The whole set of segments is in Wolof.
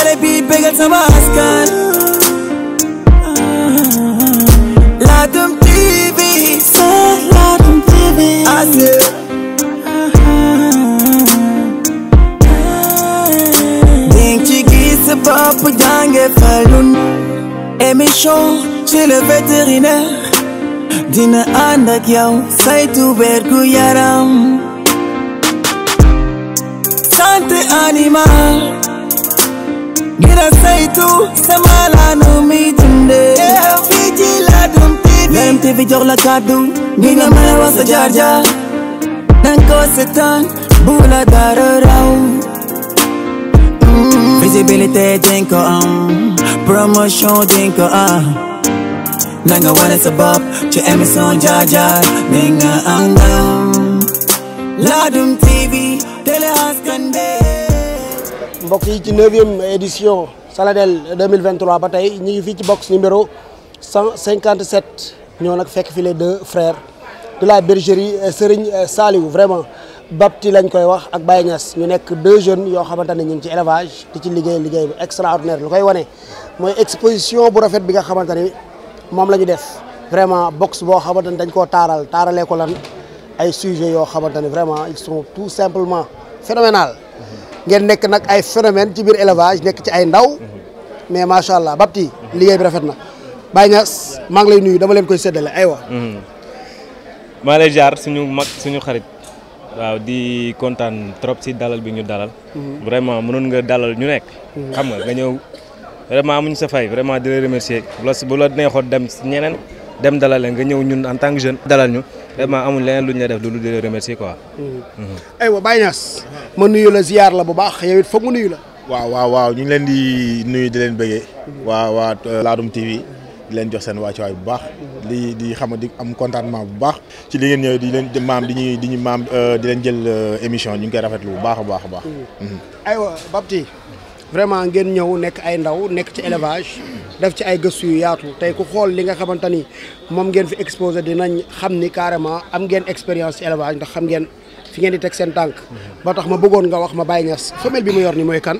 télé bi bégal sama askan Ladoum TV c'est Ladoum TV ning ci gis sa bopp jànge falun émission chez le vétérinaire dina ànd ak yow saytu wergu animal ngir a saytu sama laanu mi dundee. teew fii ci Ladoum TV. Ladoum TV jox la kàddu. nga mën a wax sa jaar jaar. danga ko dara raw. Mm. visibilité dinga ko am promotion dinga am. nanga wane sa bopp ci émission jaar jaar nga am ndam. Ladoum TV télé askan bi. bokk yi ci neuvième édition Saladel 2023 ba tey ñu ngi fii ci box numéro 157 ñoo nag fekk file les deux frères de la bergerie Serigne Saliou vraiment Bapti lañ koy wax ak Baye Niass ñu nekk deux jeunes yoo xamante ne ñu ngi ci élevage di ci liggéey liggéey bu extraordinaire lu koy wane mooy exposition bu rafet bi nga xamante ne moom la ñu def vraiment box boo xamante ne dañ koo taaral taaralee ko lan ay sujets yoo xamante ne vraiment ils sont tout simplement phénoménal ngeen nekk nag ay phénomène ci biir élevage nekk ci ay ndaw mais macha allah Bapti liggéey bi rafet na Baye Niass maa ngi lay nuyu dama leen koy séddale aywa. Mhm. maa lay jaar suñu mag suñu xarit. waaw di kontaan trop si dalal bi ñu dalal. Mhm. vraiment mënoon nga dalal ñu nekk. Mhm. xam nga nga ñëw vraiment amuñu sa fay vraiment di la remercier bu la bu la neexoon dem si ñeneen dem dalal leen nga ñëw ñun en tant que jeune. dalal ñu. vraiment amul leneen lu ñu la def lu di la remercier quoi. Mm-hmm. aywa Baye ma nuyu la ziar la bu baax yow it mu nuyu la. waaw waaw ñu ngi leen di nuyu di leen bëggee. Mm-hmm. waa waa euh, Ladoum TV. di leen jox seen wàccuwaay bu baax. Mm-hmm. di di xam di am contentement bu baax. ci li ngeen ñëw di leen maam di ñuy di ñu maam euh, di leen jël euh, émission ñu ngi koy rafetlu bu baax a baax a baax. aywa Bapti vraiment ngeen ñëw nekk ay ndaw nekk ci élevage. def ci ay gëstu yu yaatu tey ku xool li nga xamante ni moom ngeen fi exposé dinañ xam ni carrément am ngeen expérience ci élevage ndax xam ngeen fi ngeen di teg seen tànk. Mhm. ba tax ma bëggoon nga wax ma bàyyi ñas femelle bi mu yor ni mooy kan.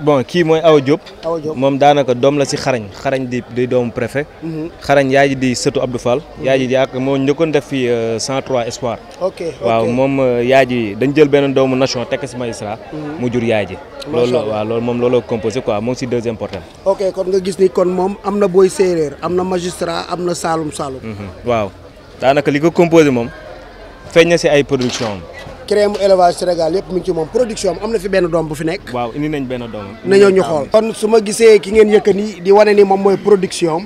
bon kii mooy Awa Diop. Awa Diop moom daanaka doom la si xarañ xarañ di di doomu préfet. Mhm. xarañ yaay ji di sëtu Abdou Fall. Mhm. yaay ji di ak moo njëkkoon def fi 103 espoir. ok waaw moom euh, yaay ji dañ jël benn doomu nation tekk si magistrat. Mhm. mu jur yaay ji. loolu waaw loolu moom looloo composé quoi moom si deuxième portée ok kon nga gis ni kon moom am na booy séeréer am na magistra am na Saalum Saalum. waaw daanaka li ko composé moom feeñ na si ay production crème élevage Sénégal yëpp mu ngi ci moom production am na fi benn doom bu fi nekk. waaw indi nañ benn doom. nañoo ñu xool kon su ma gisee ki ngeen yëkka nii di wane ni moom mooy production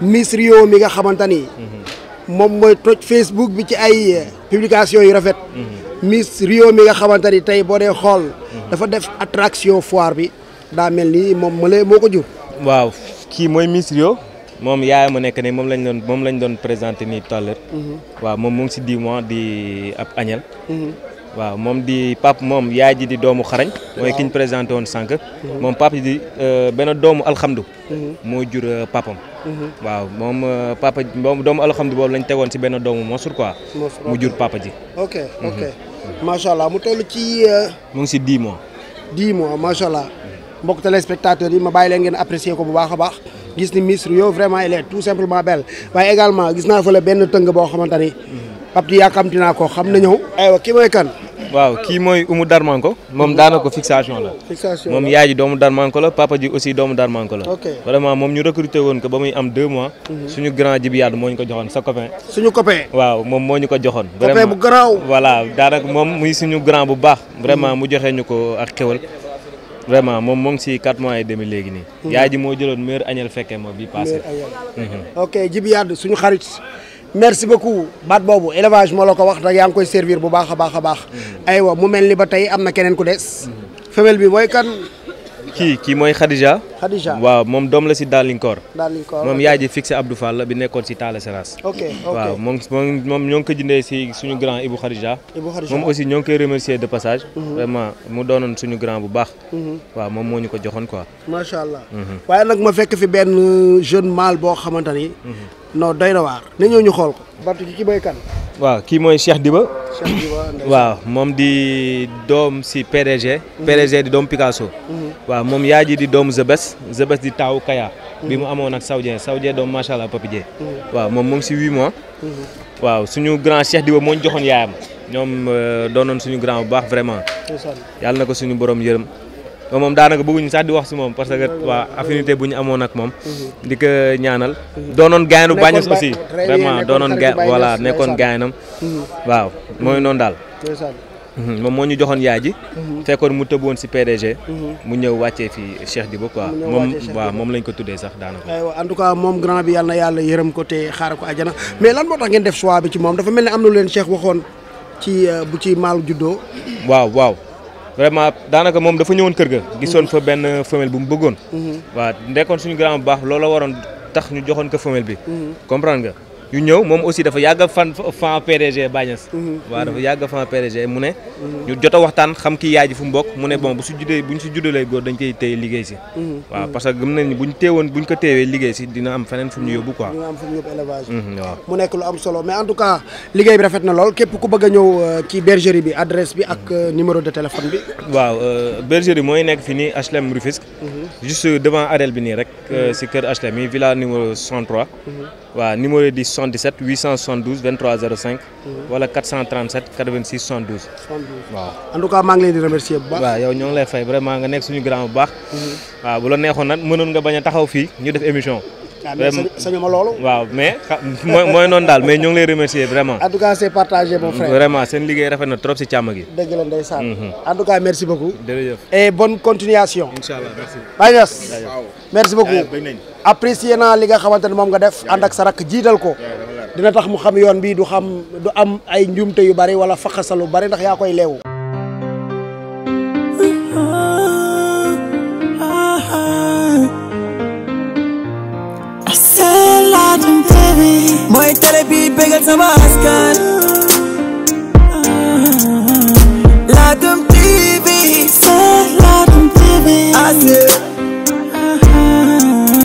Miss Rio mi nga xamante ni. Mhm. moom mooy toj Facebook bi ci ay eh, publication yu rafet. Mhm. Miss Rio mi nga xamante ni tey boo dee xool. Mhm. dafa def attraction foire bi daa mel ni moom mënee moo ko jur. waaw kii mooy Miss Rio. moom yaay mu nekk ne moom lañ doon moom lañ doon présenté nii tout mhm. waaw moom mu ngi si dix mois di ab añel mhm. waaw moom di pap moom yaay ji di doomu xarañ mooy ki ñu présenté woon sànq mhm. moom pap ji di euh, benn doomu alxamdu moo jur euh, papam waaw moom euh, papa moom doomu alxamdu boobu lañ tegoon si benn doomu Mansour quoi mu jur papa ji ok ok macha mu toll ci mu ngi si dix mois dix mois macha allah mbokk yi ma bàyyi leen ngeen apprécier ko bu baax a baax gis ni mistre yow vraiment il est tout simplement belle waaye gis naa fa la benn tëng boo xamante ni. Pape yàkkamti naa ko xam na ñëw. aywa kii mooy kan. waaw kii mooy Umu Darmanko moom daanaka fixation la. fixation moom yaay ji doomu Darmanko la papa ji aussi doomu Darmanko la. vraiment moom ñu recruter woon ko ba muy am 2 mois. Mhm. suñu grand ji bi yaatu ko joxoon sa copain. suñu copain. waaw moom moo ñu ko joxoon. vraiment copain bu garaaw. voilà daanaka moom muy suñu grand bu baax. vraiment mu joxee ñu ko ak xéwal. vraiment moom moo ngi si 4 mois et demi léegi nii. Mm-hmm. yaay ji moo jëloon meilleur añel fekkee moom bi passé. Mm-hmm. ok Djiby Yade suñu xarit. merci beaucoup baat boobu élevage moo la ko wax nag yaa ngi koy servir bu baax a baax a baax. Mm-hmm. aywa mu mel ni ba tey am na keneen ku des. femelle bi mooy kan. kii kii mooy Khadija. Khadija waaw moom doom la si Dalinkoor. Dalinkoor moom yaay ji fixé Abdou Fall bi nekkoon si Talla ok ok moom moom ñoo ngi ko jëndee si suñu grand Ibou Khadija. Ibou Khadija moom aussi ñoo ngi koy remercier de passage. Mhm. vraiment mu doonoon suñu grand bu baax. Mhm. waaw moom moo ñu ko joxoon quoi. Mhm. waaye nag ma fekk fi benn jeune mâle boo xamante ni. non doy na waar. na ñëw ñu xool ko. waaw kii mooy Cheikh di ba waaw moom di doom si PDG. Mhm. PDG di doom Picasso. Mhm. waaw moom yaa ji di doom Zebes Zebes di taawu Kaya. Mhm. bi mu amoon ak Saoudien Saoudien doom macha allah Papi waaw moom mu si huit mois. waaw suñu grand di Diba moo ñu joxoon yaayam ñoom euh, doonoon suñu grand bu baax vraiment. yàlla na ko suñu boroom yërëm. loolu moom daanaka bëgguñu sax di wax si moom parce que waa affinité bu ñu amoon ak moom. Mhm. di ko ñaanal. Mhm. doonoon gaañu Baños aussi vraiment doonoon ga voilà nekkoon gaañam. Mhm. waaw mooy noonu moom moo ñu joxoon yaay ji. fekkoon mu tëb woon si mu ñëw wàccee fii Cheikh Diba quoi. moom waaw moom lañ ko tuddee sax daanaka. aywa tout cas moom grand bi yàlla yàlla yërëm ko te xaar ko mais lan moo tax def choix bi ci moom dafa mel ni am na lu leen Cheikh waxoon ci euh, bu ci maal juddoo. waaw waaw. vraiment daanaka moom dafa ñëwoon kër ga. gisoon fa benn femelle bu mu bëggoon. Mhm. waaw nekkoon suñu grand bu baax loola waroon tax ñu joxoon ko femelle bi. Mhm. comprendre nga. ñu ñëw moom aussi dafa yàgg fan fan PDG Bagnès mhm. waaw dafa yàgg fan PDG mu ne mhm. ñu jot a waxtaan xam kii yaay ji fu mu bokk mu ne bon bu su juddee bu ñu si juddalee góor dañ koy téye liggéey si mhm. waaw parce que gëm nañ bu ñu téewoon bu ñu ko téewee liggéey si dina am feneen fu ñu yóbbu quoi dina am fu ñu yóbbu élevage waaw mu nekk lu am solo mais en tout cas liggéey bi rafet na lool képp ku bëgg a ñëw euh, ci bergerie bi adresse bi ak euh, numéro de téléphone bi waaw euh, bergerie mooy nekk fi nii HLM Rufisque juste devant arel bi nii rek si kër HLM yi villa numéro 77 872 23 05. wala 437 86 72. 72 waaw. en tout yow ñoo lay fay vraiment nga nekk suñu grand bu baax. waaw bu la neexoon nag mënoon nga bañ a taxaw fii ñu def émission. Ah, sañu ma loolu waaw mais mooy mooy noonu daal mais ñoo ngi lay remercier vraiment en tout cas c'est partagé mon seen liggéey rafet na trop si càmm gi dégg la ndeysaan mhm. en tout cas merci beaucoup jërëjëf et bonne continuation inchallah merci merci beaucoup apprécié naa li nga xamante ne moom nga def ànd ak sa rakk jiital ko dina tax mu xam yoon bi du xam du am ay njuumte yu bari wala faqasalu bari ndax yaa koy leewu bi mooy télé bi bégal sama askan Ladoum TV Ladoum TV